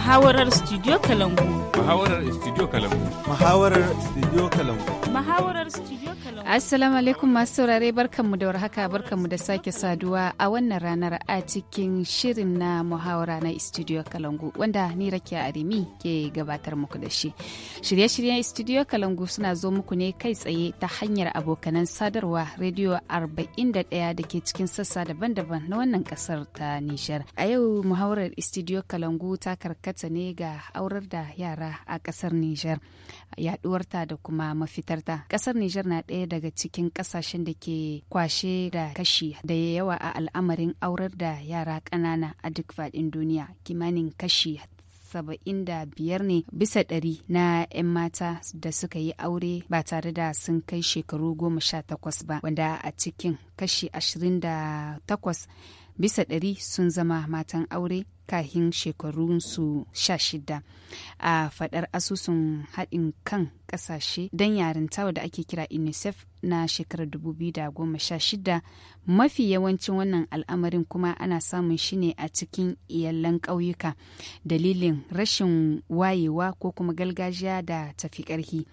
Muhawarar Studio Kalangu. Muhawarar Studio Kalangu. Muhawarar Studio Kalangu. Muhawarar Studio Kalangu. Assalamu alaikum masu saurare barkanmu da warhaka barkanmu da sake saduwa a wannan ranar a cikin shirin na muhawara na Studio Kalangu wanda ni Rakiya Arimi ke gabatar muku da shi. Shirye-shiryen Studio Kalangu suna zo muku ne kai tsaye ta hanyar abokanan sadarwa rediyo 41 da ke cikin sassa daban-daban na wannan kasar ta Nijar. A yau muhawarar Studio Kalangu ta karkar. karkata ne ga aurar da yara a kasar Nijar yaduwarta da kuma mafitarta. Kasar Nijar na ɗaya daga cikin kasashen da ke kwashe da kashi da yawa a al'amarin aurar da yara ƙanana a duk faɗin duniya kimanin kashi saba'in da biyar ne bisa ɗari na 'yan mata da suka yi aure ba tare da sun kai shekaru goma sha takwas ba wanda a cikin kashi ashirin da takwas bisa ɗari sun zama matan aure kahin shekarunsu 16 a fadar asusun haɗin kan ƙasashe don yarintawa da ake kira unicef na shekarar 2016 mafi yawancin wannan al'amarin kuma ana samun shi ne a cikin iyalan ƙauyuka dalilin rashin wayewa ko kuma galgajiya da tafi ƙarfi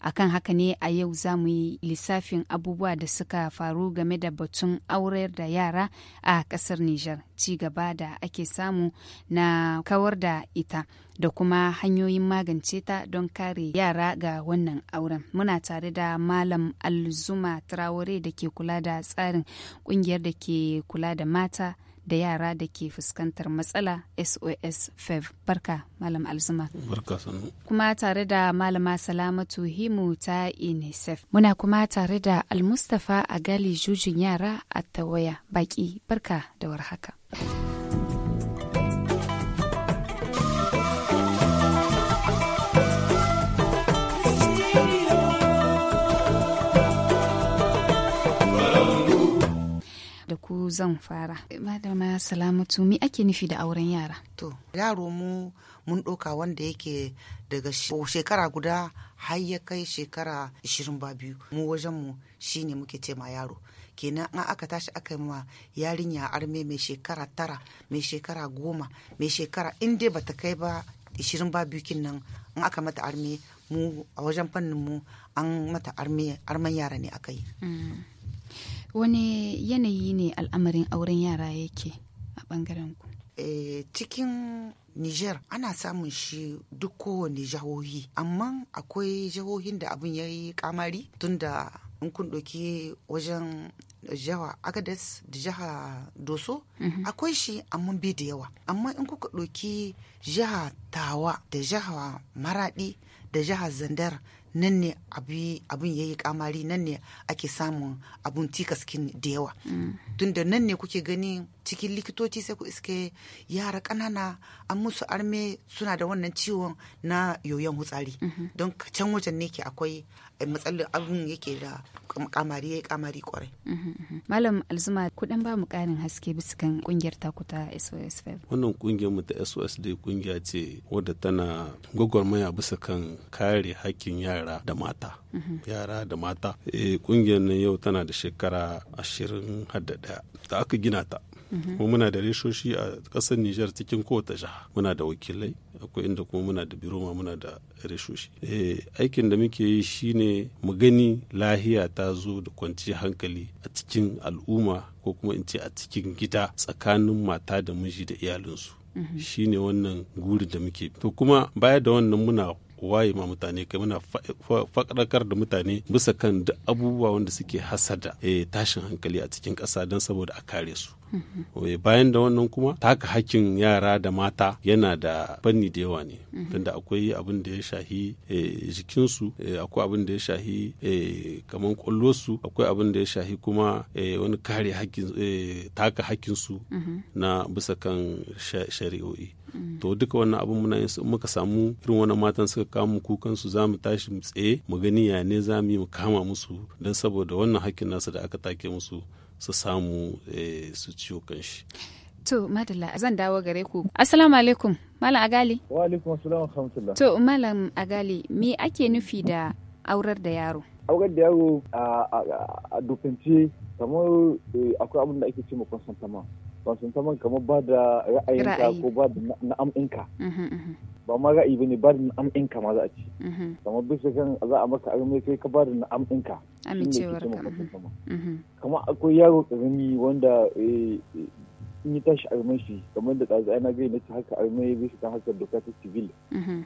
akan haka ne a yau za mu yi lissafin abubuwa da suka faru game da batun aurar da yara a ƙasar nijar ci gaba da ake samu na kawar da ita da kuma hanyoyin magance ta don kare yara ga wannan auren. Muna tare da Malam Alzuma Traore da ke kula da tsarin kungiyar da ke kula da mata da yara da ke fuskantar matsala SOS FEV. Barka Malam Alzuma. Barka sanu. Kuma tare da Malama Salamatu Himu ta UNICEF. Muna kuma tare da Almustafa Agali Jujin yara a tawaya baki. Barka da warhaka. da ku zan fara madama salamatu mi ake nufi da auren yara to yaro mu mun ɗauka wanda yake daga shekara guda har ya kai shekara ishirin biyu mu wajen mu shine muke ce ma yaro kenan an aka tashi aka yi ma yarinya arme mai shekara tara mai shekara goma mai shekara inda dai bata kai ba biyu kin nan an aka mata arme mu a wajen fannin mu an mata arman yara ne aka yi mm. wani yanayi ne al'amarin auren yara yake a bangaren ku eh, cikin Niger ana samun shi duk kowane jihohi amma akwai jihohin da abin ya yi kamari tunda in kun ɗauki wajen jawa agadas da jiha doso mhm. akwai shi amma bai da yawa amma in kuka ɗauki jiha tawa da jiha maradi da jiha zandar nan ne abin ya yi kamari nan ne ake samun abun tikaskin da yawa mm. tunda nan ne kuke gani cikin likitoci sai ku iske yara ƙanana an musu arme suna da wannan ciwon na yoyon hutsari mm-hmm. don can wajen ne ke akwai Eh, matsalar abin yake da kamari ya yi kamari kwarai. Uhm, uhm, uhm. Malam Alzuma kudan ba mu karin haske bisikan kungiyar taku ta SOS Wannan kungiyar mu ta SOS dai kungiya ce wadda tana maya bisa kan kare hakkin yara da mata. Yara da mata. Kungiyar eh, nan yau tana da shekara ashirin da aka gina ta. kuma mhm. muna da reshoshi a ƙasar Nijar cikin kowace jiha muna da wakilai akwai inda kuma muna da biroma muna da reshoshi eh, aikin da muke yi shine mu gani lahiya ta zo da kwanci hankali a cikin al'umma ko kuma in ce a cikin gida tsakanin mata da miji da iyalinsu mhm. shine wannan guri da muke to kuma baya da wannan muna waye ma mutane kai muna faɗakar da mutane bisa kan duk abubuwa wanda suke hasada eh, tashin hankali a cikin ƙasa don saboda a kare su Eh, bayan da wannan kuma taka hakkin yara da mata yana da fanni da yawa ne tunda akwai abin da ya shahi eh, jikinsu eh, akwai abin da ya shahi kamar kwallosu akwai abin da ya shahi kuma wani kare hakkin taka hakkinsu na bisa kan shari'o'i to duka wannan abin muna yin muka samu irin wannan matan suka kama kukan su zamu tashi mu tsaye mu gani ya ne zamu yi mu kama musu don saboda wannan hakkin nasu da aka take musu su samu eh, su ciwo kanshi. To, Madalla, zan dawo gare ku. Assalamu alaikum, Malam Agali. Wa alaikum assalam wa To, Malam Agali, me ake nufi da aurar da yaro? Aurar da yaro a dokance kamar eh, akwai abin da ake ce ma consentama. wasan saman kamar ba da ra'ayinka ko ba da na'am'inka mm-hmm, mm-hmm. ba ma ra'ayi ba ne ba da na'am'inka ma za a ci mm-hmm. kamar bisa kan za a maka arme kai ka ba da na'am'inka amincewar ka kamar akwai yaro karami wanda eh, in yi tashi arme shi kamar da ɗazu na gai na ci haka arme bisa kan haka doka ta civil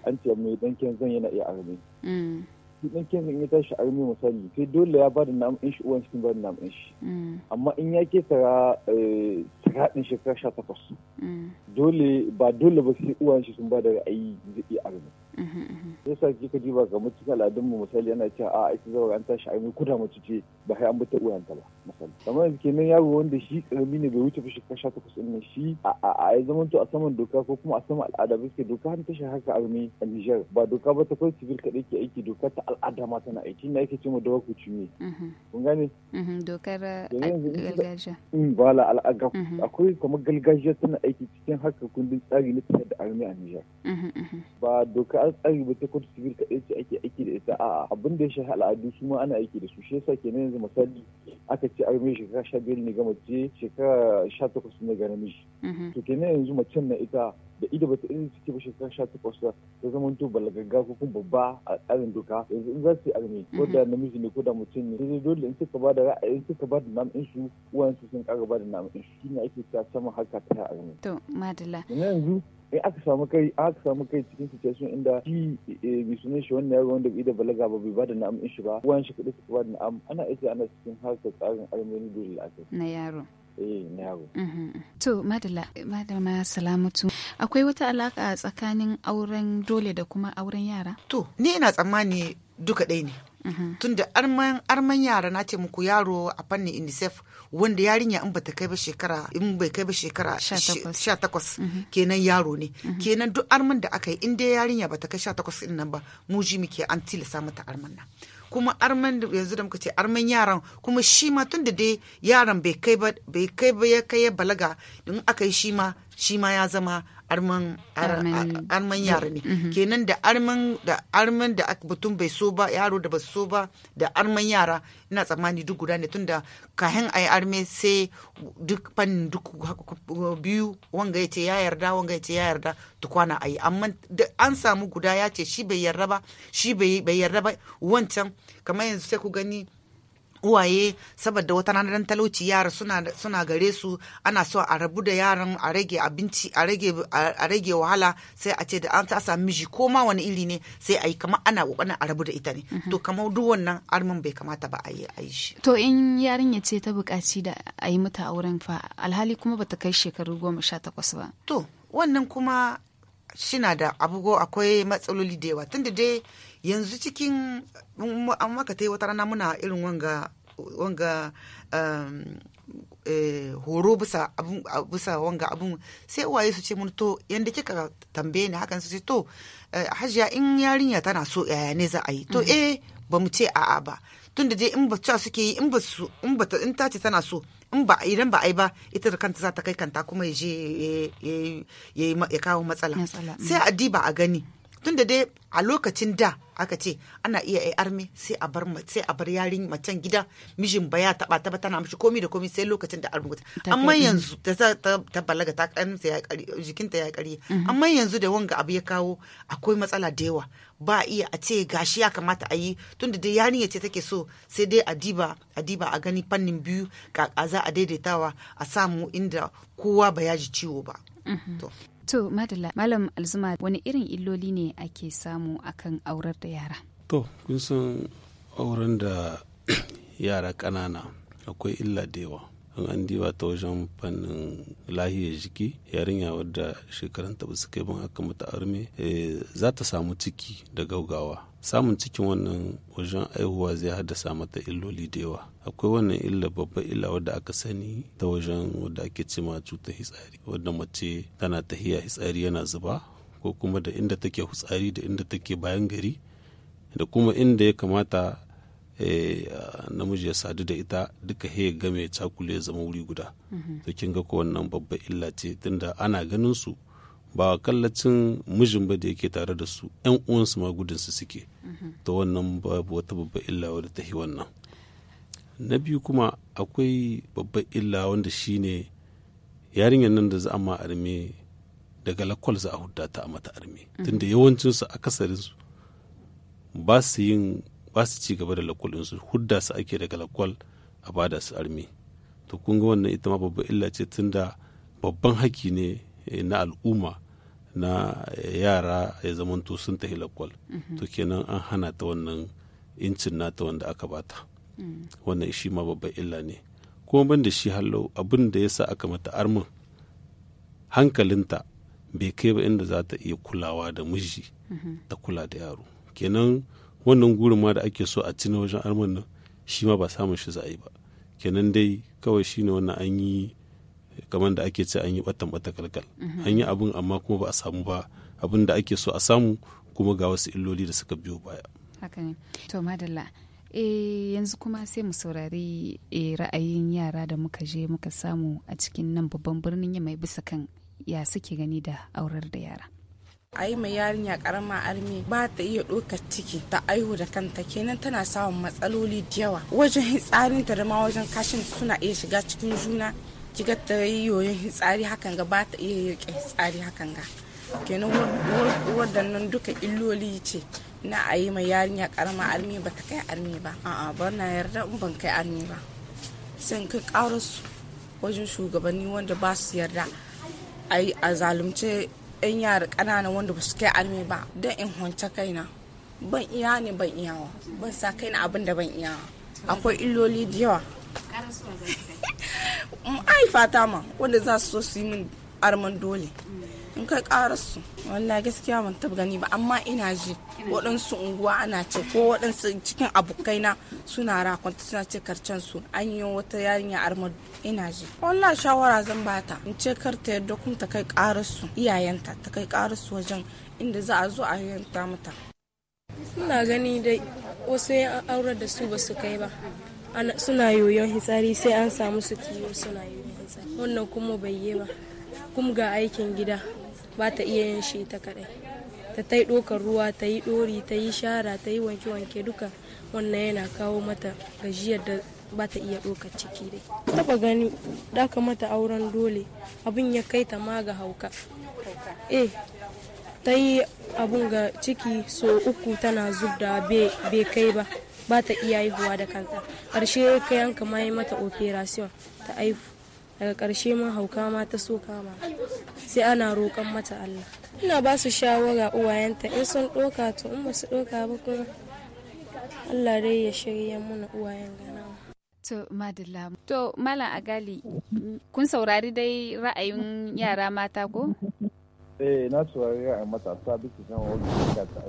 an ce mai ɗan zan yana iya arme mm. shi ɗan kezin ya tashi a misali sai dole ya bada namun shi uwan cikin bada namun shi mm. amma in ya ke eh, tara din shekara sha takwas mm. dole ba dole ba sai uwan shi sun bada ra'ayi zai iya armi yasa kika ji ba ga mutum al'adun mu misali yana cewa a aiki zawo an tashi ai kuda mace ce ba sai an bi ta uwanta ba misali kamar yanzu kenan yaro wanda shi karami ne bai wuce fushi kasha ta din ne shi a ya zama to a saman doka ko kuma a saman al'ada ba suke doka an tashi haka a a Niger ba doka ba ta kawai civil kaɗai ke aiki doka ta al'ada ma tana aiki na yake ce ma dawa ku cinye. Mhm. kun gane mhm, dokar gargajiya mm, la al'aga mhm. akwai kamar gargajiya tana aiki cikin haka kundin tsari na tsaye da armi a Niger ba doka arewa ta kudu civil kaɗai ce ake aiki da ita a abin da ya shafi al'adu su ma ana aiki da su shi yasa kenan yanzu misali aka ce arme shekara sha biyar ne ga mace shekara sha takwas ne ga namiji mhm. to kenan yanzu macen na ita da ita bata irin suke ba shekara sha takwas ba ta zama to balagagga ko kuma babba a tsarin doka yanzu in za su yi arme ko da mhm. namiji ne ko da mutum ne sai dole in suka ba da in suka ba da namun su su sun kara ba da namun su shine ake ta sama harka ta arme. to madalla. yanzu in aka samu kai aka samu kai cikin situation inda shi bi eh, sunan shi wannan yaro wanda bai da balaga ba bai bada na'am in shi ba uwan shi kudi suka ba da na'am ana aiki ana cikin harkar tsarin armeni dole a na yaro Eh, mm-hmm. To, Madala, Madama Salamatu, akwai wata alaka tsakanin auren dole da kuma auren yara? To, ni ina tsammani duka ɗaya ne. Mm-hmm. Tunda arman arman yara na ce muku yaro a fannin UNICEF wanda yarinya in bata kai ba shekara in bai kai ba shekara 18 mm-hmm. kenan yaro ne kenan duk arman da aka yi in dai yarinya bata kai 18 din nan ba mu ji muke an tilasa mata arman nan kuma arman yanzu da muka ce arman yaran kuma shi ma tun da dai yaran bai kai ba ya kai ya balaga don aka yi shi ma shi ma ya zama arman arman yara ne mhm. kenan da arman da arman da bai so ba yaro da ba so ba da arman yara ina tsammani duk guda ne tunda kahin ayi arme sai duk fannin duk biyu wanga yace ya yarda wanga yace ya yarda tukwana ayi amma an samu guda ya ce shi bai yarda ba shi bai yarda ba wancan kamar yanzu sai ku gani uwaye saboda wata ranar talauci yara suna gare su ana so a rabu da yaran a rage abinci a rage wahala sai a ce da an ta sami miji ko ma wani iri ne sai a yi kama ana kokarin a rabu da ita ne mhm. to kamar duk wannan armin bai kamata ba a yi a yi shi to in yarinya ce ta buƙaci da a yi mata auren fa alhali kuma bata kai shekaru goma sha takwas ba to wannan kuma shina da abugo akwai matsaloli da yawa tunda dai yanzu cikin an maka ta yi wata rana muna irin wanga wanga um, eh, horo bisa bisa wanga abun sai uwaye su ce mun to yanda kika tambaye ni hakan su ce to eh, hajiya in yarinya tana so yaya ne za a yi to mm-hmm. eh ba mu ce a'a ba da dai in ba ta suke yi in ba in ta ce tana so in ba idan ba ai ba ita da kanta za ta kai kanta kuma ya je kawo matsala mm. sai a ba a gani tunda dai a lokacin da aka ce ana iya ai arme sai a bar sai a bar yarin macen gida mijin ba ya taba ta ba tana mishi komi da komi sai lokacin da arme amma yanzu ta ta balaga ta sai ya kari jikinta ya kari mhm. amma yanzu da wanga abu ya kawo akwai matsala da yawa ba iya a ce gashi ya kamata a yi tunda dai yarinya ce take so sai dai a diba a gani fannin biyu ka za a daidaitawa a samu inda kowa ba ya ji ciwo ba mhm. To Madalla Malam Alzuma wani irin illoli ne ake samu akan aurar da yara? To kun san auren da yara ƙanana akwai illa da yawa. an diba ta wajen fannin lahiyar jiki yarinya wadda shekaranta ta su kai ban aka mata arme eh, za ta samu ciki da gaugawa samun cikin wannan wajen aihuwa zai haddasa mata illoli da yawa akwai wannan illa babba illa wadda aka sani ta wajen wadda ake ma cutar hitsari wadda mace tana tahiya hitsari yana zuba ko kuma da inda take hutsari da inda take bayan gari da kuma inda ya kamata Eh, namiji ya sadu da ita duka he game cakule zama wuri guda mhm. to kin ga ko wannan babba illa ce tunda ana ganin su ba kallacin mijin ba da yake tare da su yan uwansu ma gudun su suke mhm. to wannan babu wata babba illa wadda ta wannan na biyu kuma akwai babban illa wanda shine yarinyar nan da za a ma arme daga lakwal za a hudata ta a mata arme mhm. tunda yawancinsu akasarinsu ba su yin ba su ci gaba da lakwal ɗinsu hudda su ake daga lakwal a bada su armi to kun ga wannan ita ma babban illa ce tunda babban haki ne eh, na al'umma na eh, yara ya zamanto sun tafi lakwal mhm. to kenan an hana ta wannan incin nata wanda aka bata mm. wannan shi ma babban illa ne kuma ban da shi hallo abin da ya sa aka mata armin hankalinta bai kai ba inda za ta iya kulawa da miji mhm. ta kula da yaro kenan wannan gurin ma da ake so a cina wajen arman nan shi ma ba samun shi za a yi ba kenan dai kawai shi ne wannan an yi kamar da ake ce an yi batan bata kalkal mhm. an yi abin amma kuma ba a samu ba abin da ake so a samu kuma ga wasu illoli da suka biyo baya haka ne to madalla eh, yanzu kuma sai mu saurari e, ra'ayin yara da muka je muka samu a cikin nan babban birnin ya mai bisa kan ya suke gani da aurar da yara a yi ma yarinya karama armi ba ta iya ɗaukar ciki ta aihu da kanta kenan tana samun matsaloli da yawa wajen ta da ma wajen kashin suna iya shiga cikin juna kiga ta yi yoyon hitsari hakan ga ba ta iya yake hitsari hakan ga kenan waɗannan duka illoli ce na a yi ma yarinya karama armi ba ta kai armi ba a'a ba na yarda in ban kai armi ba sai kai ƙarar su wajen shugabanni wanda ba su yarda a zalunce 'yan yara ƙanana wanda ba su kai armi ba don in hunce kaina ban iya ne ban iyawa ban sa na abin da ban iyawa akwai illoli da yawa ai fata ma wanda za su so su yi min arman dole in kai karasu wallahi gaskiya ban taba gani ba amma ina ji waɗansu unguwa ana ce ko waɗansu cikin abokaina suna rakonta suna ce karcen su an yi wata yarinya armar ina ji wallahi shawara zan bata in ce karta yadda kun ta kai karasu iyayenta ta kai karasu wajen inda za a zo a yanta mata suna gani dai wasu yan aurar da su ba su kai ba suna yoyon hitsari sai an samu su tiyo suna yoyon hitsari wannan kuma bai yi ba kuma ga aikin gida ba ta iya yin shi ta kaɗai ta ta yi ɗokar ruwa ta yi ɗori ta yi shara ta yi wanke-wanke duka wannan yana kawo mata gajiyar da ba ta iya ɗokar ciki dai taba gani ɗaka mata auren dole abin ya kai ta ma ga hauka eh ta yi abun ga ciki so uku tana zubda bai kai ba ba ta iya haihuwa da kanta ƙarshe kai an kama yi mata operation ta haihu daga ƙarshe ma hauka ma ta so kama sai ana roƙon mata Allah ina ba su shawara uwayenta in sun ɗoka to in ba su ɗoka ba kuma Allah dai ya shirya muna uwayen gana To Madalla. To Malam Agali, kun saurari dai ra'ayin yara mata ko? Eh na saurari ra'ayin matasa bisa kan wani da ta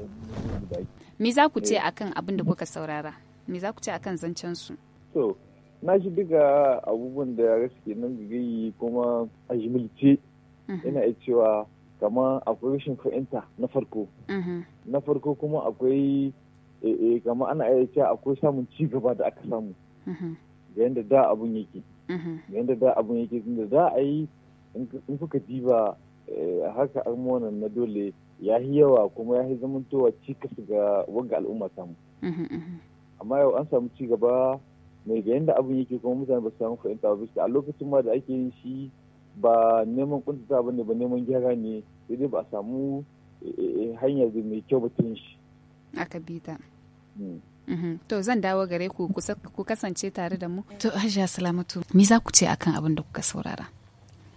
Me za ku ce eh. akan abin da kuka saurara? Me za ku ce akan zancen su? To na shi duka abubuwan da ya suke nan gari kuma a jimilce Mm-hmm. yana iya cewa kamar akwai rashin fahimta na farko mm-hmm. na farko kuma akwai eh, eh, kamar ana iya cewa akwai samun ci gaba da aka samu mm-hmm. ga yadda da abun yake ga yadda da abun yake da za a yi in kuka diba eh, haka almonan na dole ya yi yawa kuma ya yi zamantowa cikas ga wanga al'umma samu amma yau an samu ci gaba mai ga yadda abun yake kuma mutane ba su samu fahimta ba a lokacin ma da ake yin shi ba neman kuntata ba ne ba neman gyara ne sai ba a samu eh, eh, eh, hanyar mai kyau ba shi aka bi ta hmm. mhm. to zan dawo gare ku ku kasance tare da mu to hajiya salamatu me za ku ce akan abin da kuka saurara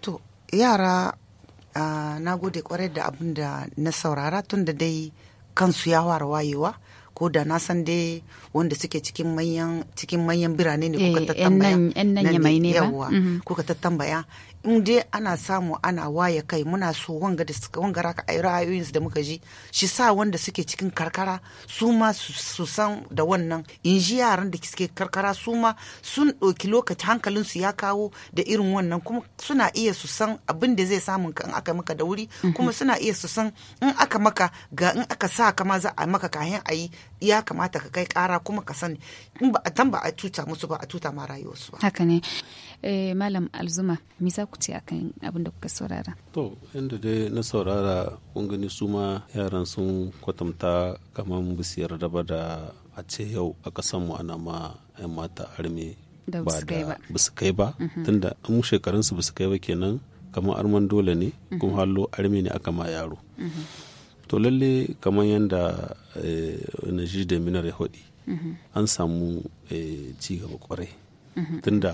to yara na gode kwarai da abin da na saurara tun da dai kansu ya fara wayewa ko da na san dai wanda suke cikin manyan cikin manyan birane ne kuka tattambaya nan kuka tattambaya in dai ana samu ana waye kai muna so wanga da suka wanga raka eh, ra'ayoyin da muka ji shi sa wanda suke cikin karkara su ma su san da wannan in ji yaran da suke karkara su ma sun ɗauki lokaci hankalin su ya kawo da irin wannan kuma suna iya su san abin da zai samu in aka maka da wuri mhm. kuma suna iya su san in aka maka ga in aka sa ka ma za a maka kayan a yi ya kamata ka kai kara kuma ka sani in a a tuta musu ba a tuta ma rayuwarsu ba haka ne Eh, malam alzuma me ku ce akan abin da kuka saurara to inda dai na saurara kun gani su ma yaran sun kwatanta kamar bisu yarda ba da a ce yau a mu ana ma 'yan mata arme ba da bisu kai ba mhm. tunda an shekarunsu bisu kai ba kenan kamar arman dole ne mhm. kuma hallo arme ne aka ma yaro mhm. to lalle kamar yadda eh, naji da minar ya haɗi an samu eh, ci gaba kwarai tunda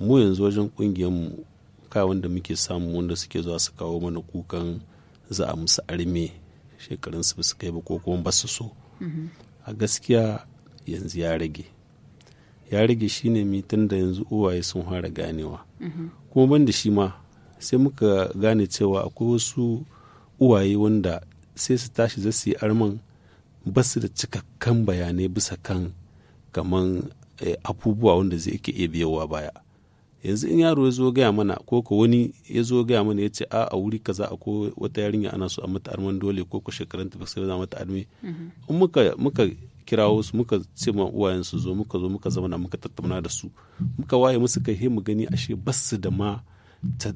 mu yanzu wajen ƙungiyarmu kai wanda muke samu wanda suke zuwa su kawo mana kukan za a musu arme shekarun su su kai ba ko kuma ba su so mm-hmm. a gaskiya yanzu ya rage ya rage shine mitin da yanzu uwaye sun fara ganewa mm-hmm. kuma ban da shi ma sai muka gane cewa akwai wasu uwaye wanda sai su tashi za su yi arman ba su da cikakkan bayanai bisa kan kaman eh, abubuwa wanda zai ke iya biyowa baya yanzu in yaro ya zo gaya mana ko ko wani ya zo gaya mana ya ce a a wuri kaza a ko wata yarinya ana so a mata arman dole ko ko shekaran ta sai za mata arme mhm. in muka muka kirawo su muka ce ma uwayen su zo muka zo muka zama muka tattauna da su muka waye musu kai mu gani ashe basu da ma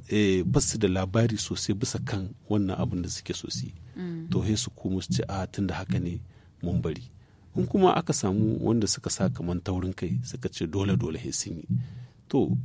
eh, basu da labari sosai bisa kan wannan abin da suke sosai mm. to he su kuma su ce a tunda haka ne mun bari in kuma aka samu wanda suka sa kaman taurin kai suka ce dole dole he sun yi to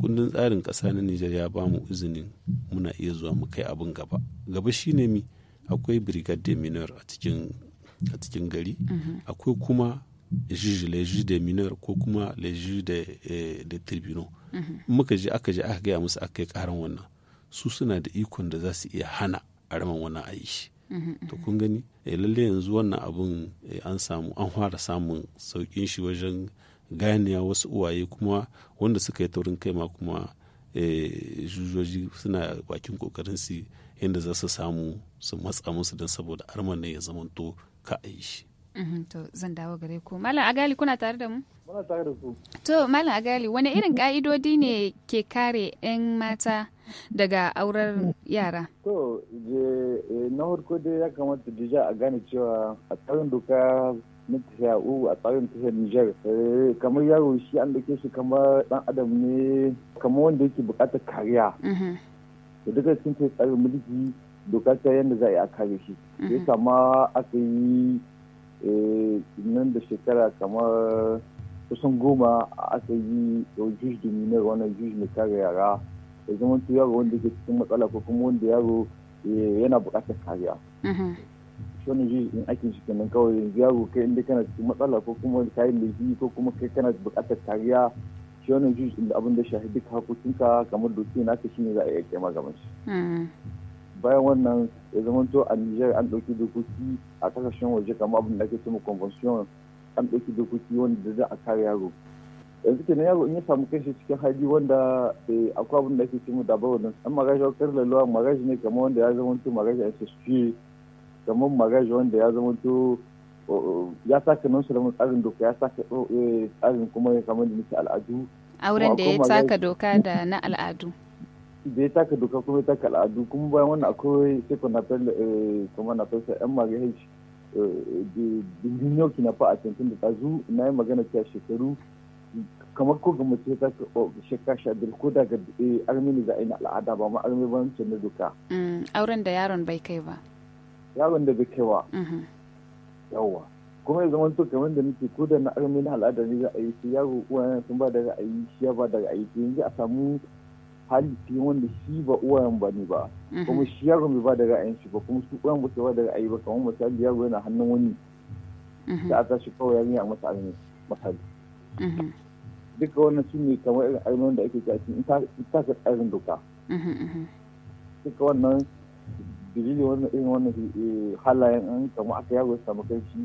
kundin tsarin ƙasa na Nijar ya ba mu izinin muna iya zuwa mu kai abin gaba gaba shi ne mi akwai brigade minor a cikin gari mhm. akwai kuma juge leji de minor ko kuma leji de eh, tribunal mhm. muka ji aka je aka gaya musu aka yi karan wannan su suna da ikon da za su iya hana a raman wannan a yi mhm, to kun gani eh, lalle yanzu wannan abin eh, an samu an fara samun saukin shi wajen ganiya wasu uwaye kuma wanda suka yi taurin kai ma kuma eh, jujoji suna bakin kokarin su yadda za su samu su matsa musu don saboda arman ne ya to ka a yi shi mhm, to zan dawo gare ku malam agali kuna tare da mu muna tare da ku to malam agali wani irin ka'idodi ne ke kare 'yan mata daga aurar yara to eh, na farko dai ya kamata da a gane cewa a tsarin doka na tafiya uku a tsarin tafiyar Nijar. Eh, kamar yaro shi an dake shi kamar dan adam ne kamar wanda yake bukatar kariya. Da mhm. duka sun ce tsarin mulki doka ta yadda za a yi a kare shi. Ya mhm. sama aka yi eh, nan da shekara kamar kusan goma aka yi juj dominar wannan juj mai kare yara. Ya zama yaro wanda ke cikin matsala ko kuma wanda yaro eh, yana bukatar kariya. Mhm. wani shi in aikin shi kenan kawai yanzu yaro kai inda kana cikin matsala ko kuma kayan laifi ko kuma kai kana buƙatar kariya shi wani juji inda abin da shahi duk hakokinka kamar doki n'a shi ne za a iya kaima gaban shi hmm. bayan wannan ya zama to a Nijar an ɗauki dokoki a kasashen waje kamar abin da ake cewa convention an ɗauki dokoki wanda za a kare yaro yanzu kenan yaro in ya samu kanshi cikin hali wanda eh, akwai abin da ake cewa dabar wannan an magaji kar laluwa magaji ne kamar wanda ya zama to magaji a ce kamar magaji wanda ya zama to ya sake nan su da tsarin doka ya sake e, tsarin kuma kamar da nake al'adu auren da ya taka doka da na al'adu da ya taka doka kuma ya taka al'adu kuma bayan wannan akwai sai kuma na fara e, kuma na fara yan magaji e, dindin yauki na fa a cikin da tazu na yi magana cewa shekaru kamar ko ga mace ta shekka sha biyar ko daga armini za a yi na al'ada ba ma armini ba na doka mm, auren da yaron bai kai ba yaron da zai wa mm-hmm. yawa kuma ya zama to kamar da nake ko da na armin na ne za a yi yaro uwayen sun ba da ra'ayi shi ya ba da ra'ayi shi yanzu a samu hali wanda shi ba uwayen ba ne ba mm-hmm. kuma shi yaro bai ba da ra'ayin shi ba kuma su uwayen ba su ba da ra'ayi ba kamar misali yaro yana hannun wani da mm-hmm. a shi kawai yarinya a masa armi misali duka wannan su ne kamar irin armin da ake cikin in ta ka tsarin doka duka wannan dalilin wannan irin wannan eh, halayen an samu aka yaro samu kai shi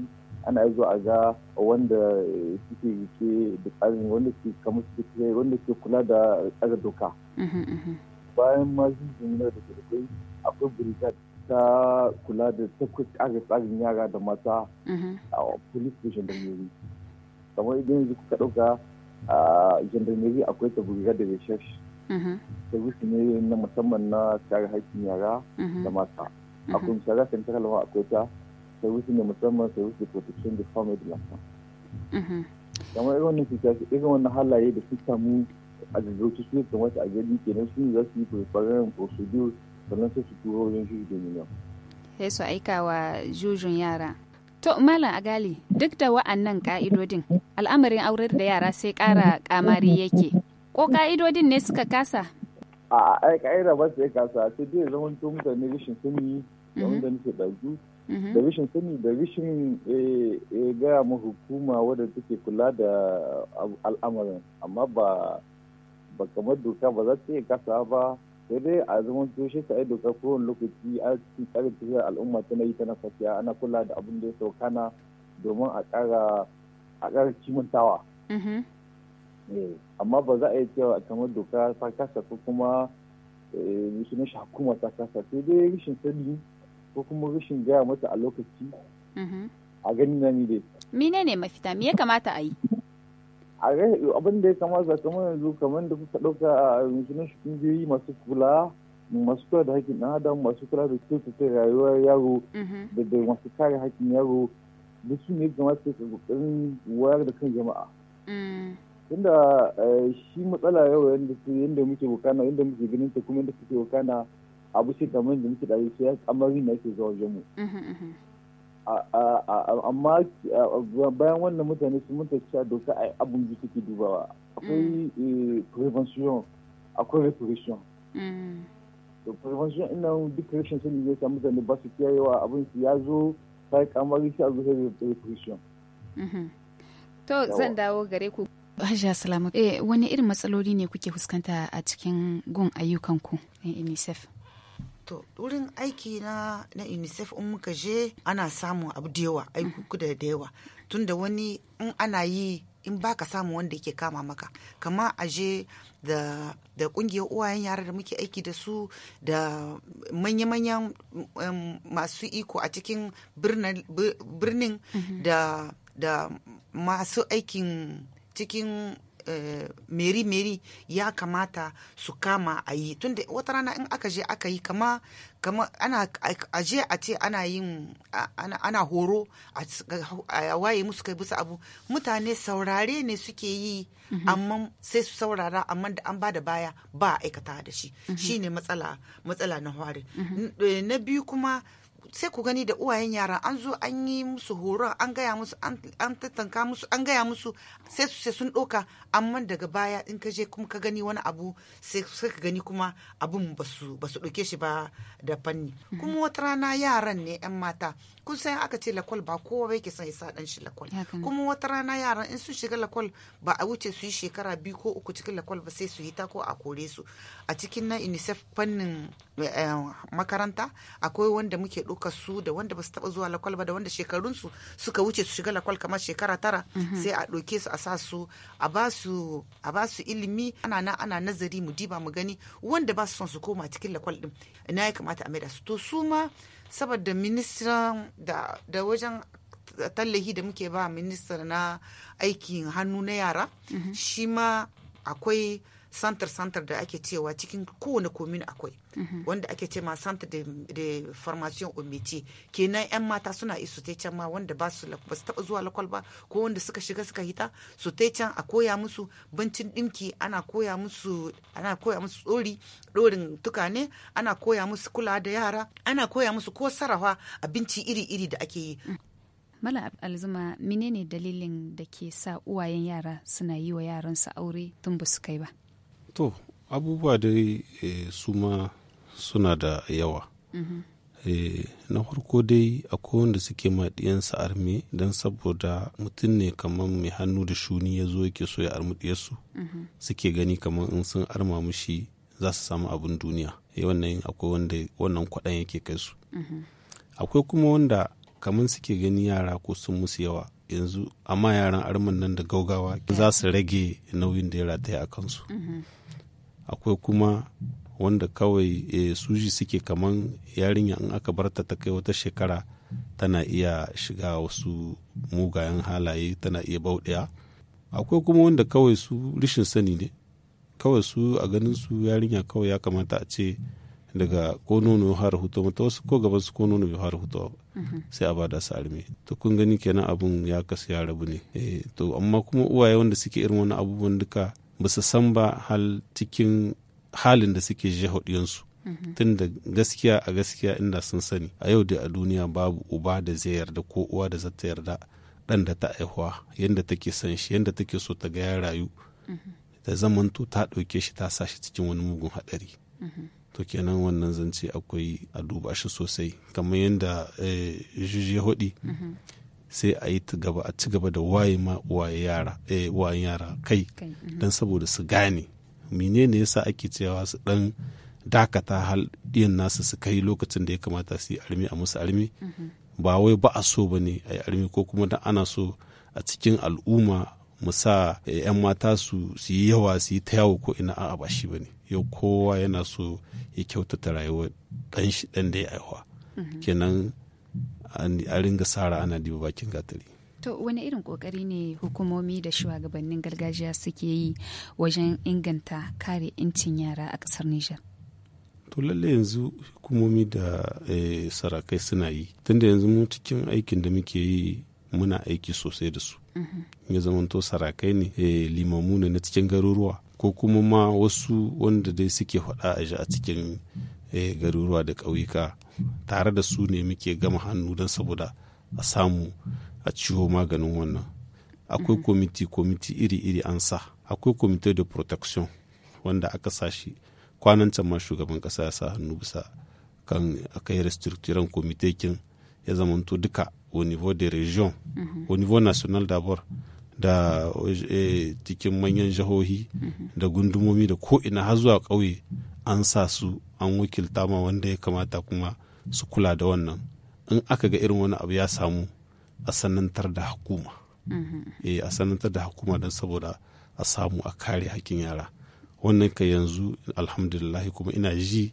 ana zuwa a ga wanda suke yake da tsarin wanda suke kamar suke wanda ke kula da tsara doka mm-hmm, mm-hmm. bayan ma jinjina da kirkai akwai brigade ta kula da ta tsara tsarin yara da mata mm-hmm. a police station da yuri kamar idan yanzu kuka ɗauka a gendarmeri akwai ta brigade da recherche service ne na musamman na kare haƙƙin yara da mata a mhm. kunshara central ma akwai ta service ne musamman service de protection de family da l'enfant mhm. kamar irin wannan cuta irin wannan halaye da su samu a jirgin su da wata a ke kenan su za su yi preparing procedure sannan sai su turo wajen juju da miliyan sai su aika wa jujun yara To Malam Agali, duk da wa'annan ka'idodin, al'amarin aurar da yara sai kara kamari yake. ko ka'idodin ne suka kasa a ai ka'ida ba su ya kasa sai dai zama tun mutane rishin sani da mhm. da nake ɗazu mhm. da rishin sani da ya eh, eh, gaya ma hukuma wadda take kula da al'amarin amma ba ba kamar doka ba za ta iya kasa ba sai dai a zaman toshe ta yi doka kowane lokaci a cikin tsarin tafiyar al'umma ta yi ta na fasiya ana kula da abin da ya saukana domin a ƙara a ƙara kimantawa mhm. Eh, amma ba za a yi cewa kamar doka ta kasa ko kuma eh, sunan shi hukuma ta kasa sai dai rashin sani ko kuma rashin gaya mata a lokaci mm-hmm. a gani na ni dai mine ne mafita me ya kamata a yi a abin da ya kamata kamar yanzu kamar da kuka dauka a sunan shi kungiyoyi masu kula masu kula da hakkin ɗan adam masu kula da kyautata rayuwar yaro mm-hmm. da da masu kare hakkin yaro da su ne kamata su kokarin wayar da kan jama'a mm. tunda eh, shi matsala yau yadda muke wakana yadda muke ganin ta kuma yadda suke wakana abu ce kamar da muke da sai amarin na yake zuwa wajen mu mm-hmm, mm-hmm. amma bayan wannan mutane sun mutu cewa doka a abin da suke dubawa akwai mm. eh, prevention akwai reparation mm. to prevention ina duk rashin sun yi sa mutane ba su kiyaye wa abin su ya zo sai kamar shi a zuwa reparation mm-hmm. to zan dawo gare ku Hajiya Salamu, eh, wani irin matsaloli ne kuke fuskanta a cikin gun ayyukanku na UNICEF? To, wurin aiki na, na UNICEF in muka je ana samun abu da yawa, da yawa. Tunda wani in ana yi in baka samu wanda yake kama maka. Kama a je da, da kungiyar uwayen yara da muke aiki da su da manya-manyan masu iko a cikin birnin mhm. da, da masu aikin cikin meri-meri eh, ya kamata su kama a yi tunda wata rana in aka je aka yi kama ana aje a ce ana yin ana horo a waye musu kai bisa abu mutane saurare ne suke yi mhm. amma sai su saurara amma da an da baya ba aikata da shi mhm. shine matsala matsala na hari mhm. eh, na biyu kuma sai ku gani da uwayen yara an zo an yi musu horon an gaya musu an tattanka musu an gaya musu sai su sun ɗoka amma daga baya in ka je kuma ka gani wani abu sai ka gani kuma abun ba su ɗauke shi ba da fanni mhm. kuma wata rana yaran ne yan mata kun san aka ce lakwal ba kowa bai ke son ya sa ɗan shi lakwal kuma wata rana yaran in sun shiga lakwal ba a wuce su yi shekara biyu ko uku cikin lakwal ba sai su yi ta ko a kore su a cikin na unicef fannin eh, makaranta akwai wanda muke ɗauka suka su da wanda ba su taɓa zuwa lakwal ba da wanda shekarunsu suka wuce su shiga lakwal kamar shekara tara mhm. sai a ɗauke su a sa su a ba su ilimi ana na ana nazari mu diba mu gani wanda ba su son su koma cikin lakwal ɗin ina ya kamata a maida su to su ma saboda ministan da wajen tallahi da muke ba ministan na aikin hannu na yara mhm. shi ma akwai santar santar da ake cewa cikin kowane komin akwai mhm. wanda ake ce ma santar de formation au métier kenan yan mata suna isu ta can ma wanda ba su ba su taba zuwa lakwal ba ko wanda suka shiga suka hita su ta can a koya musu bancin dinki ana koya musu ana koya musu tsori dorin tukane ana koya musu kula da yara ana koya musu ko sarrafa abinci iri-iri da ake yi mm. Mala Alzuma menene dalilin da ke sa uwayen yara suna yi wa yaransu aure tun ba su kai ba? to abubuwa dai e, su ma suna da yawa mm -hmm. e, na farko dai akwai wanda suke maɗiyansa armi don saboda mutum ne kamar mai hannu da shuni ya zo yake so ya armuɗiyarsu mm -hmm. suke gani kamar in sun arma mushi za su samu abin duniya e, wannan akwai wanda wannan kwaɗan yake kai su mm-hmm. akwai kuma wanda kamar suke gani yara ko sun musu yawa yanzu amma yaran arman nan da gaugawa za su rage nauyin da ya rataya a kansu mm-hmm. akwai kuma wanda kawai e, eh, suji suke kaman yarinya in aka barta ta kai wata shekara tana iya shiga wasu mugayen halaye tana iya bauɗaya akwai kuma wanda kawai su rishin sani ne kawai su a ganin su yarinya kawai ya kamata a ce daga ko nono hutu mata wasu ko gaban su ko nono ya hutu mm-hmm. sai a bada su arme to kun gani kenan abun ya kasu ya rabu ne eh, to amma kuma uwaye wanda suke irin wani abubuwan duka ba su san ba hal cikin halin da suke jihaɗiyansu mhm. tun da gaskiya a gaskiya inda sun sani a yau da a duniya babu uba da zai yarda ko uwa da zata yarda ɗan da ta aihuwa yadda take son shi yadda take so ta gaya rayu da mhm. zaman to ta ɗauke shi ta sa shi cikin wani mugun haɗari mhm. to kenan wannan zance akwai a duba shi sosai kamar yadda eh, juji hudi sai a yi gaba a ci gaba da waye ma waye yara eh waye yara kai mhm. dan saboda su gane menene yasa ake cewa su dan dakata hal din nasu su kai lokacin da ya kamata su yi armi a musu armi mhm. ba wai ba a so ba ne a yi armi ko kuma da ana so a cikin al'umma mu sa 'yan eh, mata su yi yawa su yi ta yawo ko ina a'a ba shi bane yau kowa yana so ya kyautata rayuwar dan shi dan da ya aiwa mhm. kenan a ringa sara ana diba bakin gatari to wani irin kokari ne hukumomi da shugabannin gargajiya suke yi wajen inganta kare 'yancin yara a ƙasar nijar to lalle yanzu hukumomi da eh, sarakai suna yi tunda yanzu mu cikin aikin da muke yi muna aiki sosai da su mhm. ya zamanto sarakai ne eh, limamu ne na cikin garuruwa ko kuma ma wasu wanda dai suke faɗa a a cikin Eh, garuruwa da ƙauyuka tare da su ne muke gama hannu don saboda a samu a ciwo maganin wannan akwai komiti komiti iri-iri an sa akwai komite de protection wanda aka sa shi kwanan can ma shugaban kasa ya sa hannu bisa kan akai restructuring komite kin ya zamanto duka au niveau de region mhm. au niveau national d'abord da eh, cikin manyan jihohi mhm. da gundumomi da ko ina har zuwa ƙauye an sa su an wakilta ma wanda ya kamata kuma su kula da wannan in aka ga irin wani abu ya samu a sanantar da hukuma mm-hmm. eh a sanantar da hukuma don saboda a samu a kare hakkin yara wannan ka yanzu alhamdulillah kuma ina ji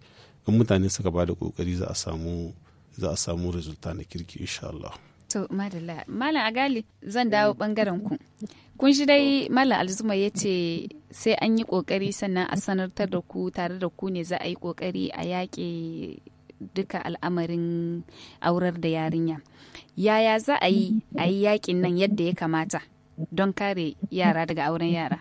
in mutane suka ba da kokari za a samu za a samu resulta na kirki insha Allah to madalla malam agali zan dawo bangaren ku kun shi dai malam alzuma yace sai an yi kokari sannan a sanartar da ku tare da ku ne za a yi kokari a yaƙi duka al'amarin aurar da yarinya yaya za a yi a yi yaƙin nan yadda ya kamata don kare yara daga auren yara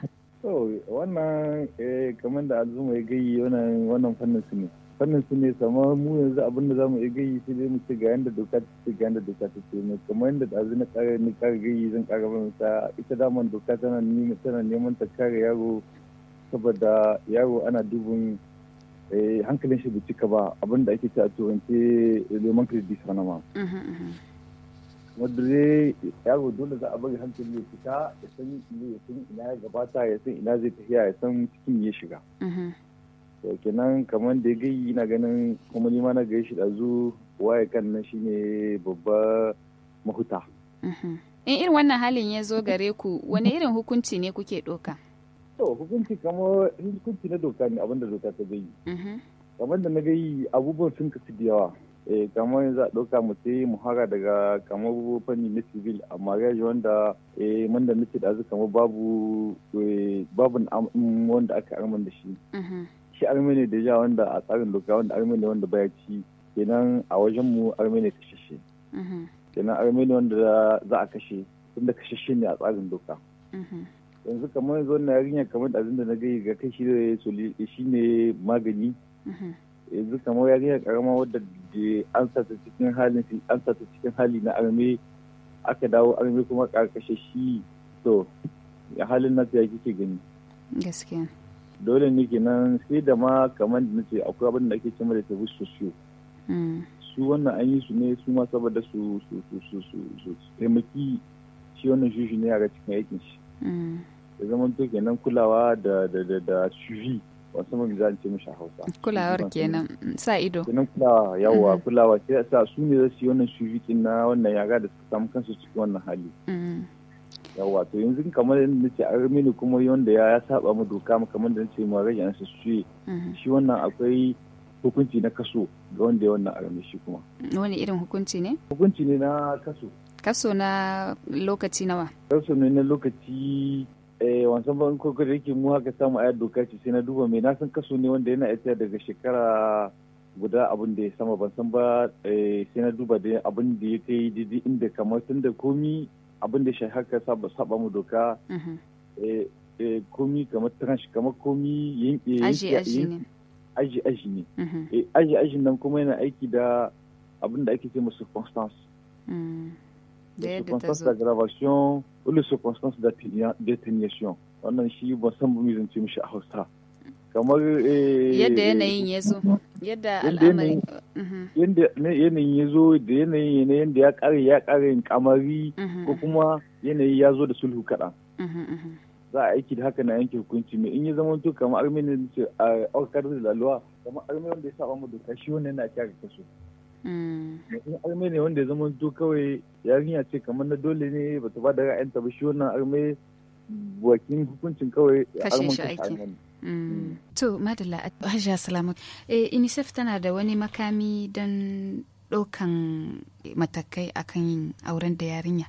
wannan eh, kamar da alzuma ya gayi wannan fannin su ne fannin su ne sama mu yanzu abin da zamu iya gayi sai dai mu ce ga yanda doka ta ce ga yanda doka ta ce mai kamar yanda ɗazu na kare ni kare gayi zan kare ba ta ita daman doka tana tana neman ta kare yaro saboda yaro ana dubin eh, hankalin shi bai cika ba abin da ake ce a turance leman eh, sanama. wadda zai yaro dole za a bari hankali ya fita ya san ina ya gabata ya san ina zai tafiya ya san cikin ya shiga. to kenan kamar da gai na ganin kuma ni ma na gaishe shi dazu waye kan nan ne babba mahuta mhm. in irin wannan halin ya zo gare ku wani irin hukunci ne kuke doka to hukunci kamar hukunci na doka ne abinda doka ta gai mhm. kamar da na gai abubuwan sun kasu da yawa eh, kamar yanzu a ɗauka mu sai muhara daga kamar fanni na civil a mariage wanda eh mun da muke da kamar babu eh, babu wanda aka armar da shi mhm. ci armeni da ja wanda a tsarin doka wanda armeni wanda baya ci kenan a wajen mu armenia kashashe mhm. kenan armeni wanda za a kashe tunda kashashe ne a tsarin doka mhm. yanzu kamar yanzu wannan yarinya kamar abin da na gani ga kai shi da shi ne magani mhm. yanzu kamar yarinya karama wadda an sa ta cikin halin an sa ta cikin hali na arme aka dawo arme kuma karkashe shi to halin nasu ya kike gani gaskiya dole ne kenan sai da ma kamar da nace akwai abin da ake cewa da tabu sosiyo mm. su wannan an yi su ne su ma saboda su su su su su taimaki shi wannan shushi ne a cikin aikin shi da mm. zaman to kenan kulawa da da da da shushi wasu mun za ce mishi Hausa kulawar kenan mm, sa ido kenan kulawa yawa mm-hmm. kulawa sai sa su ne za su yi wannan shushi na wannan yaga da suka samu kansu cikin wannan hali yawa to yanzu kamar yadda ce mini kuma wanda ya saba mu doka kamar da ce mu rage ansa shi mm-hmm. shi wannan akwai hukunci na kaso ga wanda ya wannan armi shi kuma wani irin hukunci ne hukunci ne na kaso kaso na lokaci nawa kaso ne na lokaci eh wancan ban kokon da yake mu haka samu ayar doka ce sai na duba mai na san kaso ne wanda yana iya daga shekara guda abin da ya sama ban san ba eh, sai na duba da abin da ya kai daidai inda kamar tun da komi abin da shi haka saba saba mu doka mhm. eh, eh, komi kamar tranche kamar komi eh, yanke aji aji ne mhm. aji aji nan kuma yana aiki da abin da ake ce masu circumstance mm. circumstance d'aggravation ou le circumstance d'atténuation wannan shi ban san ba mu zance mishi a hausa kamar eh, yadda yanayin ya zo yadda al'amari mhm. yanayin ya zo da yanayin yanayin yadda ya kare ya kare kamari mhm. ko kuma yanayi ya zo da sulhu kaɗan mhm, za a aiki da haka na yanke hukunci mai in ya zama to kamar armenia da ce a aukar da lalwa kamar armenia wanda ya saba mu doka shi wannan na kyara kaso mm. in armenia wanda ya zama to kawai yarinya ce kamar na dole ne bata ba da ra'ayinta ba shi wannan arme bakin hukuncin kawai armen kashe armenia Mm. to madalla salamu eh, unicef tana da wani makami don ɗaukan matakai akan yin auren da yarinya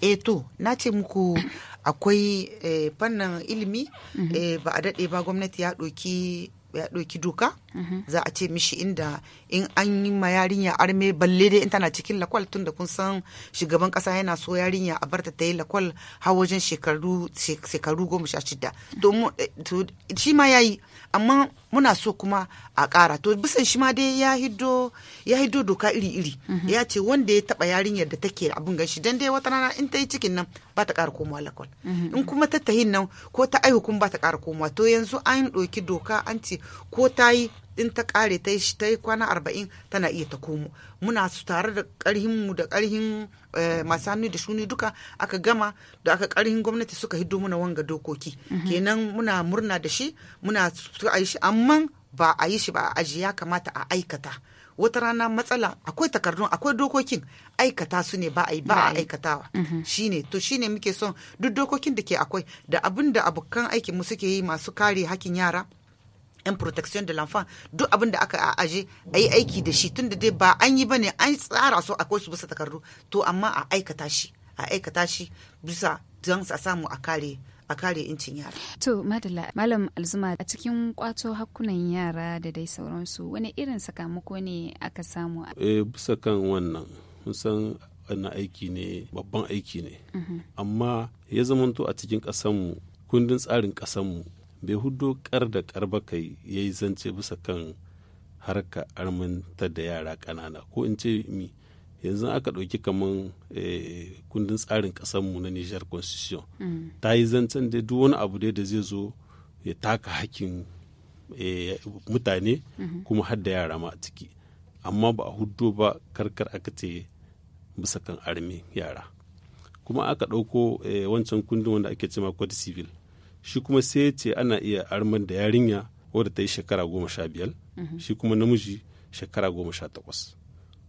e to na ce muku akwai eh, fannin ilimi mm-hmm. ba a daɗe ba gwamnati ya ɗoki ya ɗauki doka mhm. za a ce mishi inda in an yi ma yarinya arme balle dai in tana cikin lakwal tun da kun san shugaban kasa yana so yarinya a barta ta yi lakwal har wajen shekaru goma sha shida mhm. eh, to shi ma ya yi amma muna so kuma a ƙara to bisan shi ma dai ya hiddo ya hiddo doka iri-iri mhm. ya ce wanda ya taɓa yarinyar da take abin gashi dan dai wata rana in ta yi cikin nan ba ta ƙara komawa lakwal mhm. in kuma ta tahin nan ko ta aihu kuma ba ta ƙara komawa to yanzu an ɗauki doka an ce ko ta yi in ta kare ta yi kwana arba'in tana iya ta komo muna su tare da karhin da karhin eh, masu hannu da shuni duka aka gama da aka karhin gwamnati suka hiddo muna wanga dokoki mhm. kenan muna murna da shi muna su a yi shi amma ba a yi shi ba a aji ya kamata a aikata wata rana matsala akwai takardun akwai dokokin aikata su ne ba a yi ba a aikatawa mhm. shine to shine muke son duk dokokin da ke akwai da abin da abokan aikinmu suke yi masu kare hakin yara 'yan protection de l'enfant duk abin da aka aje a yi aiki da shi tunda dai ba an yi ba ne an tsara su akwai su bisa takardu to amma a aikata shi a aikata shi bisa don a samu a kare a kare incin yara. To Madala, Malam Alzuma a cikin kwato hakkunan yara da dai sauransu wani irin sakamako ne aka samu? Eh bisa kan wannan mun san wannan aiki ne babban aiki ne. Mhm. Amma ya zamanto a cikin ƙasanmu kundin tsarin ƙasanmu bai hudo kar da kar ba kai ya yi zance bisa kan harka arminta da yara kanana ko in ce mi yanzu aka ɗauki kaman eh, kundin tsarin mu na nijar constitution mm. ta yi zancen da duk wani abu da zai zo ya taka hakkin eh, mutane mm-hmm. kuma har da yara ma a ciki amma ba a hudo ba karkar aka ce bisa kan armi yara kuma aka ɗauko eh, wancan kundin wanda ake cema code civil shi kuma sai ya ce ana iya armar da yarinya wadda ta yi shekara goma sha biyar mhm. shi kuma namiji shekara goma sha takwas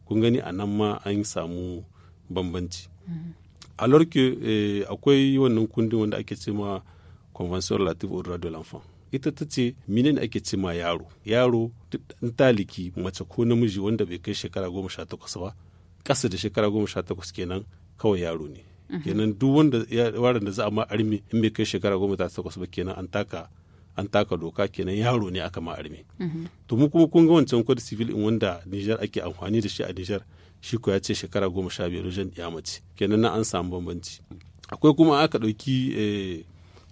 kun gani a nan ma an samu bambanci mhm. a lorke eh, akwai wannan kundin wanda ake ce ma convention relative au droit de l'enfant ita ta ce menene ake ce ma yaro yaro dan taliki mace ko namiji wanda bai kai shekara goma sha takwas ba ƙasa da shekara goma sha takwas kenan kawai yaro ne Mhm. kenan duk wanda ya da za a ma armi in bai kai shekara goma ta takwas ba kenan an taka an taka doka kenan yaro ne aka ma armi mhm. to mu kuma kun ga wancan code civil in wanda Niger ake amfani da shi a Niger shi ko ya ce shekara goma sha biyar wajen ya mace kenan na an samu bambanci akwai kuma aka ɗauki eh,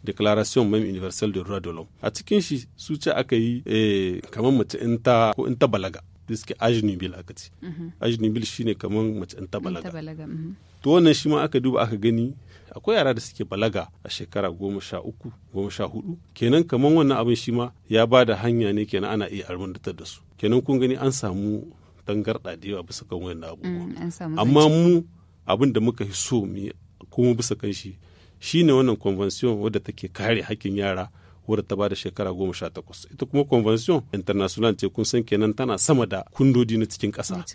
declaration même Universal de droit de l'homme a cikin shi su ce aka yi eh, kamar mace in ko in ta balaga da suke ajnubil aka ce mhm. ajnubil shine kamar mace ta balaga mhm. to wannan shi ma aka duba aka gani akwai yara da suke balaga a shekara goma sha uku goma sha hudu kenan kamar wannan abin shi ma ya ba da hanya ne kenan ana iya armandatar da su kenan kun gani an samu tangarɗa da yawa bisa kan wannan abubuwa mm, amma mu abin da muka so mu kuma bisa kan shi shine wannan convention wadda take kare hakkin yara wadda ta bada shekara goma sha takwas ita kuma convention international ce kun san kenan tana sama da kundodi na cikin kasa.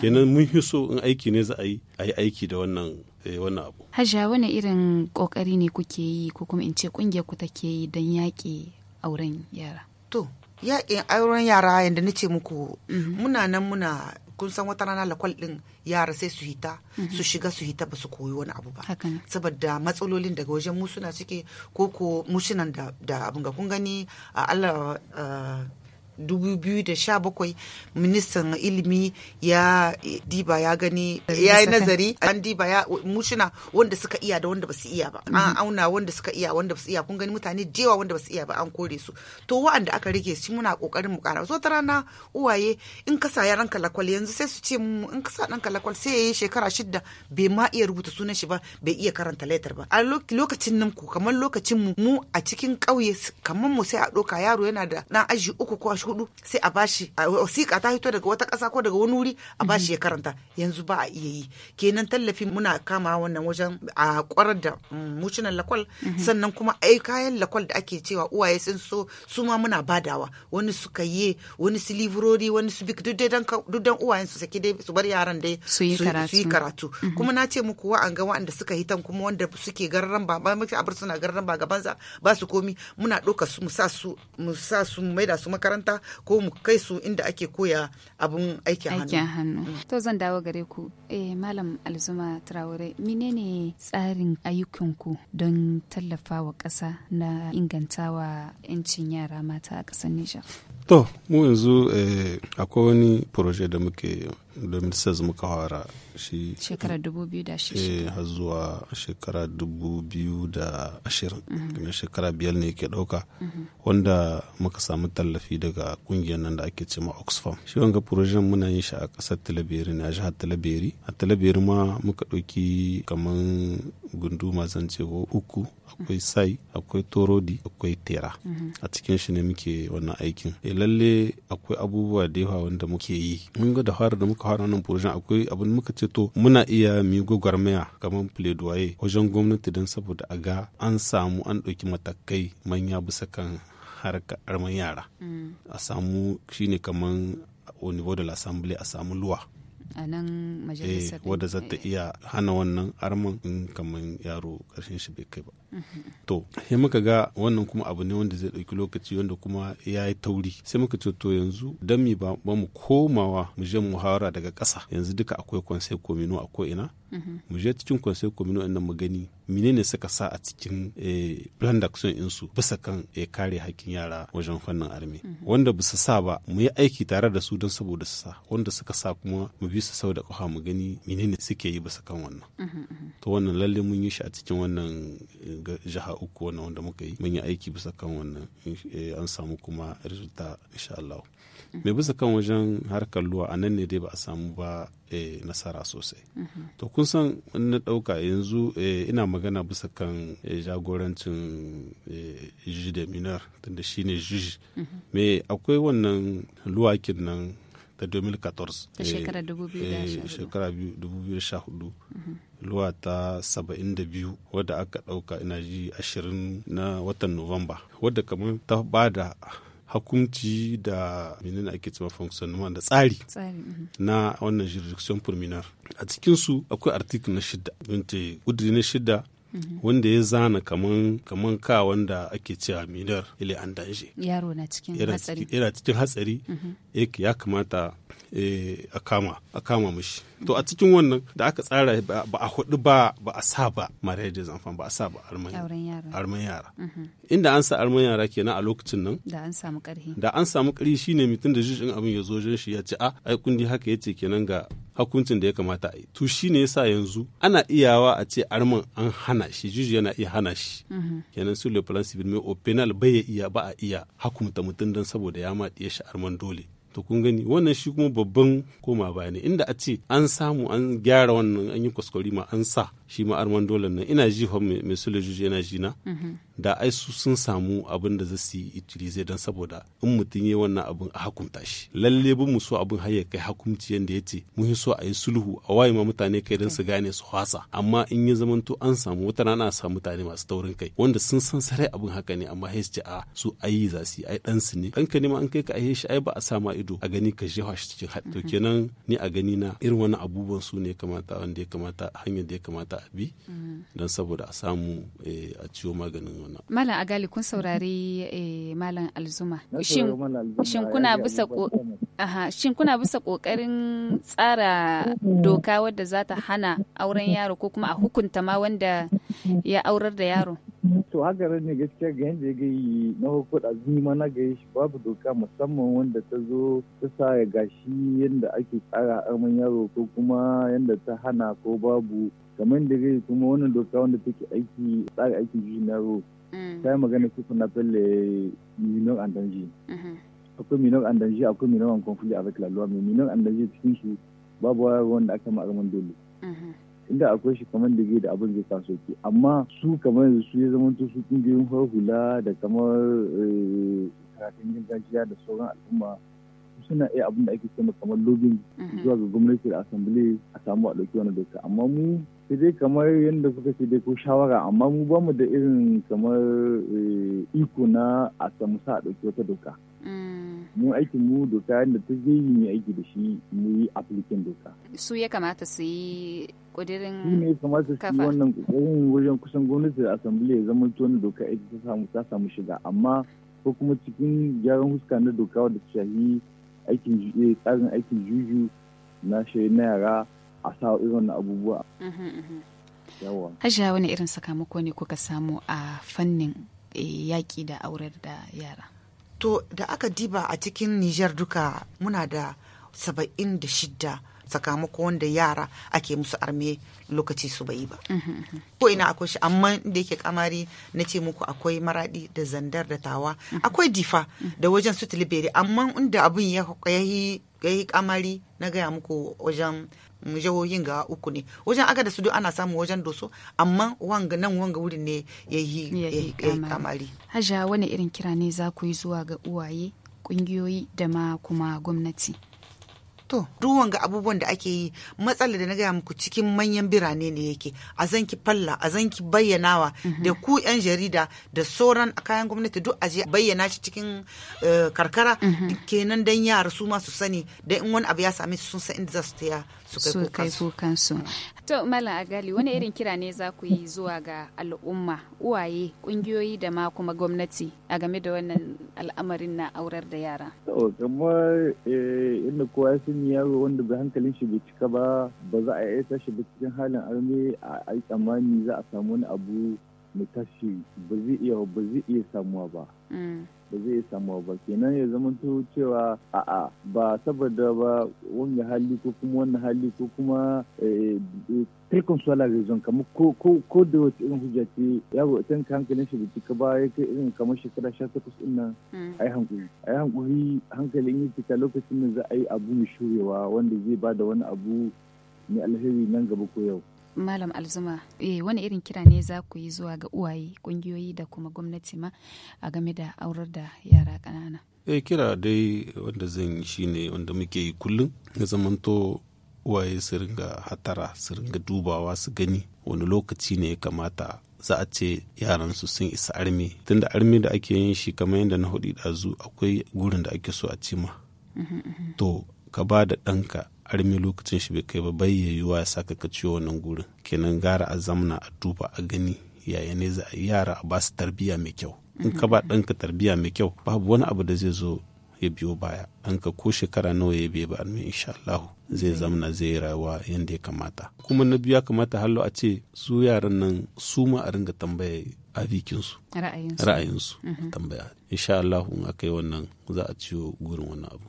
kenan mun fi so in aiki ne za a yi a yi aiki da wannan eh, wannan abu hajja wani irin kokari ne kuke yi ko kuma in ce kungiyar ku take yi don yaƙi auren yara to yaƙin auren yara yadda na ce muku mm-hmm. muna nan muna kun san wata rana lakwal din yara sai su hita mhm. su shiga su hita ba su koyi wani abu ba saboda matsalolin daga wajen musuna suke ko ko mushinan da abin ga kun gani a Allah eh, 2017 ministan ilimi ya diba ya gani ya yi nazari an diba ya mushina wanda suka iya da wanda basu iya ba an mhm. auna wanda suka iya wanda basu iya kun gani mutane jewa wanda basu iya ba an kore su to wa'anda aka rike su muna kokarin mu kara zuwa rana uwaye in ka sa yaran kalakwal yanzu sai su ce mu in ka sa dan kalakwal sai yayi shekara shida bai ma iya rubuta sunan shi ba bai iya karanta letter ba a lokacin nan ku kamar lokacin mu mu a cikin ƙauye kamar mu sai a doka yaro yana da dan aji uku ko hudu sai a bashi wasiƙa ta hito daga wata ƙasa ko daga wani wuri a mhm. bashi ya karanta yanzu ba a iya yi kenan tallafi muna kama wannan wajen a ƙwarar da mm, mucinan lakwal mhm. sannan kuma ai kayan lakwal da ake cewa uwaye sun so su ma muna badawa wani su kaiye wani su livrori wani su bik duk dan uwayen su saki dai su bar yaran dai su yi karatu mhm. kuma na ce muku wa'an ga wa'anda suka hitan kuma wanda suke garran ba ba mafi abar suna garran ba gaban ba su komi muna ɗauka su mu sa su mu sa su maida su makaranta ko mu kai su inda ake koya abun aikin hannu aikin hannu mm. to zan dawo gare ku eh malam alzuma traore menene tsarin ayyukan ku don tallafawa ƙasa na ingantawa 'yancin yara mata a ƙasar Nijar to mu yanzu eh, akwai wani proje da muke da ministers muka fara shi shekarar 2006 eh, har zuwa shekara 2020 na mhm. shekara biyar ne ke dauka mhm. wanda muka samu tallafi daga kungiyar nan da ake ce ma oxfam shi wanga projen muna yin shi a kasar talabiri na jihar talabiri a talabiri ma muka ɗauki kamar gunduma zance ko uku akwai sai akwai torodi akwai tera a cikin shi ne muke wannan aikin e lalle akwai abubuwa da yawa wanda muke yi mun ga da fara da muka fara wannan projen akwai abin muka ce to muna iya mi gwagwarmaya kamar pledoyer wajen gwamnati don saboda a ga an samu an ɗauki matakai manya bisa kan harkar yara mm. a samu shine kamar au niveau de l'assemblée a samu luwa a nan majalisar eh, wadda za ta iya hana wannan arman in kamar yaro karshen shi bai kai ba mhm. to sai muka ga wannan kuma abu ne wanda zai ɗauki lokaci wanda kuma ya yi tauri sai muka ce to yanzu don mi ba mu komawa mu je muhawara daga ƙasa yanzu duka akwai kwansai komino a ko ina mu je cikin conseil communal ɗin mu gani menene suka sa a cikin eh, plan d'action din su bisa kan eh, kare hakkin yara wajen fannin army wanda bisa sa ba mu yi aiki tare da su don saboda su sa wanda suka sa kuma mu bi su sau da kafa mu gani menene suke yi bisa kan wannan to wannan lalle mun yi shi a cikin wannan eh, jiha uku wannan wanda muka yi mun yi aiki bisa kan wannan an samu kuma resulta insha Allah mai bisa kan wajen harkar luwa a nan ne dai ba a samu ba eh, nasara sosai to kun san na ɗauka yanzu eh, ina magana bisa kan eh, jagorancin juge de minar tunda shi ne juge. me akwai wannan luwakin nan ta 2014 da shekara 2014 luwa ta 72 wadda aka ɗauka ina ji 20 na watan novemba. wadda kamar ta bada hakunci da menen ake cewa functionnement da tsari mhm. na wannan jurisdiction pulmonar a cikinsu akwai article na shida wanda kudiri na shida mhm. wanda ya zana kaman kaman ka wanda ake cewa minar ile an danje yaro na cikin hatsari cikin hatsari mhm. ya kamata Eh, a kama a kama mushi to a cikin wannan da aka tsara ba a hudu ba ba a sa ba marayar da ba a sa ba arman yara mhm. inda an sa arman yara kenan a lokacin nan da an samu karhi da an samu karhi shine mutum da jijin abin ya zo jin shi ya ce a ah, ai kundi haka yace kenan ga hukuncin da ya kamata a yi to shine yasa yanzu ana iyawa a ce arman an hana shi juji yana iya hana shi mhm. kenan sur le plan civil mai au penal bai iya ba a iya hakunta mutum dan saboda ya ma shi arman dole to kun gani wannan shi kuma babban koma baya ne inda a ce an samu an gyara wannan an yi kuskure ma an sa shi ma arman dolan nan ina ji mai sulajuji yana jina mm-hmm. da ai su sun samu abin da za su yi utilize don saboda in mutum ya wannan abin a hakumta shi lalle bin mu so abin har ya kai hakumci yanda ya ce mun so a yi sulhu a waye ma mutane kai don su gane su hasa amma in ya zamanto an samu wata rana a samu mutane masu taurin kai wanda sun san sarai abin haka ne amma sai ce a su ayi za su yi ai dan su ne kanka ne ma an kai ka aihe shi ai ba a sa ma ido a gani ka jefa shi cikin hadi to kenan ni a gani na irin wani abubuwan su ne kamata wanda ya kamata hanyar da ya kamata a bi mm. don saboda a samu eh, a ciwo maganin wannan malam agali kun saurari eh, malam alzuma shin kuna bisa kokarin tsara doka wadda za ta hana auren yaro ko kuma a hukunta ma wanda ya aurar da yaro? To haka ne gaskiya ga yadda ya yi na hukuda zuma na gaye shi babu doka musamman wanda ta zo ta sa ya gashi yadda ake tsara arman yaro ko kuma yadda ta hana ko babu kamar da gai kuma wannan doka wanda take aiki tsara aikin yaro ta mm. yi magana kusa na felle an andanji mm-hmm. akwai an andanji akwai minon an kwanfuli a la luwa mai an andanji cikin shi babu da aka ma dole mm-hmm. inda akwai shi kamar da da abin zai kaso ke amma su kamar su ya zama su kungiyoyin hula da kamar eh, karatun gajiya da sauran al'umma suna iya abin da ake kama kamar lobin mm-hmm. zuwa ga gwamnati da asambili a samu a ɗauki wani doka amma mu sai dai kamar yadda kuka ce dai ko shawara amma mu ba mu da irin kamar eh, iko na a samu sa a ɗauki wata doka mm. mu aikin mu doka yadda ta zai yi aiki da shi mu yi aplikin doka su ya kamata su yi kudirin kafa ne kamata su yi wannan kokarin wajen kusan gwamnati da asambili ya zama tuwon doka ita ta samu shiga amma ko kuma cikin gyaran huska na doka wadda ta shahi aikin eh, tsarin aikin juju na na yara a sa irin abubuwa mhm, mhm. hajiya wani irin sakamako ne kuka samu a fannin eh, yaƙi da aurar da yara to da aka diba a cikin nijar duka muna da saba'in da shidda sakamako wanda yara ake musu arme lokaci su bai ba mhm, ko ina akwai shi amma da yake kamari na ce muku akwai maradi da zandar da tawa akwai difa da wajen su tilibere amma inda abin ya yi kamari na gaya muku wajen jihohin ga uku ne wajen da su duk ana samun wajen doso amma wanga nan wanga wurin ne ya yi kamari hajja wani irin kira ne za ku yi zuwa ga uwaye ƙungiyoyi da ma kuma gwamnati to duk wanga abubuwan da ake yi matsala da na gaya muku cikin manyan birane ne yake a zanki falla a zanki bayyanawa mhm. da ku yan jarida da sauran a kayan gwamnati duk aje bayyana shi cikin eh, karkara mhm. kenan dan yara su ma su sani da in wani abu ya same su sun san inda za su taya su kai To Malam Agali wani irin kira ne za ku yi zuwa ga al'umma, uwaye, kungiyoyi da ma kuma gwamnati a game da wannan al'amarin na aurar da yara? To kuma eh, inda kowa ya sani yaro wanda bai hankalin shi bai cika ba ba za a iya tashi ba cikin halin armi a tsammani za a samu wani abu mu tashi ba zai iya ba zai iya samuwa ba mm. ba zai iya samuwa ba kenan ya zama to cewa a'a ba saboda ba wani hali ko kuma wani hali ko kuma eh, tilkon su raison kama ko da wata irin hujja ce ga wata ka hankalin shi bai cika ba ya kai irin kamar shekara sha takwas din nan mm. a yi hankali a yi hankali hankalin yi cika lokacin da za a yi abu mai shurewa wanda zai ba da wani abu mai alheri nan gaba ko yau Malam Alzuma, eh wani irin kira ne za ku yi zuwa ga uwaye, kungiyoyi da kuma gwamnati ma a game da aurar da yara kanana Eh kira dai wanda zan yi ne wanda muke yi kullum na zamanto uwaye su ringa hatara su ringa dubawa su gani wani lokaci ne ya kamata za a ce yaran su sun isa armi tunda armi da ake yin shi kamar yadda na hudu ɗazu akwai gurin da ake so a cima to ka ba da ɗanka armi lokacin shi bai kai ba bai yiwuwa ya saka ka ciwo wannan gurin kenan gara a zamna a duba a gani yaya ne za a yara a basu tarbiyya mai kyau in ka ba ɗanka tarbiyya mai kyau babu wani abu da zai zo ya biyo baya An ka ko shekara nawa ya biya ba armi insha Allah zai zamna zai rayuwa yadda ya kamata kuma na biyu ya kamata hallo a ce su yaran nan su ma a ringa tambaya abikinsu ra'ayinsu mhm. tambaya insha Allah in aka yi wannan za a ciwo gurin wani abu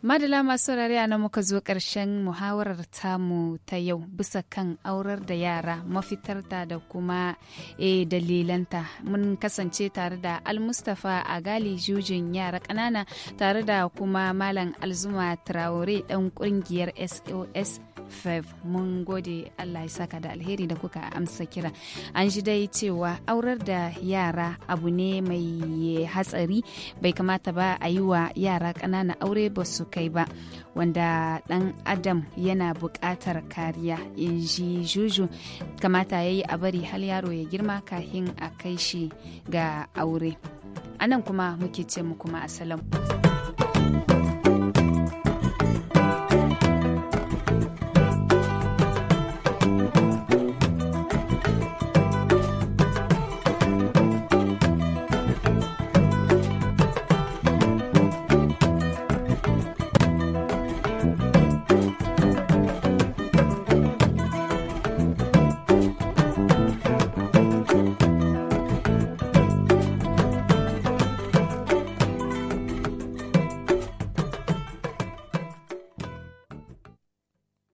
Madala masu saurare a nan muka zo ƙarshen muhawarar tamu ta yau bisa kan aurar da yara mafitarta da kuma e dalilanta. Mun kasance tare da Almustafa a gali jujin yara ƙanana tare da kuma Malam Alzuma Traore ɗan ƙungiyar SOS 5 e mun gode Allah ya saka da alheri da kuka amsa kira an ji dai cewa aurar da yara abu ne mai hatsari bai kamata ba a yi wa yara ƙanana aure ba su kai ba wanda ɗan adam yana buƙatar kariya in ji juju kamata ya yi a bari hal yaro ya girma kahin a kai shi ga aure anan kuma muke ce mu kuma asalam.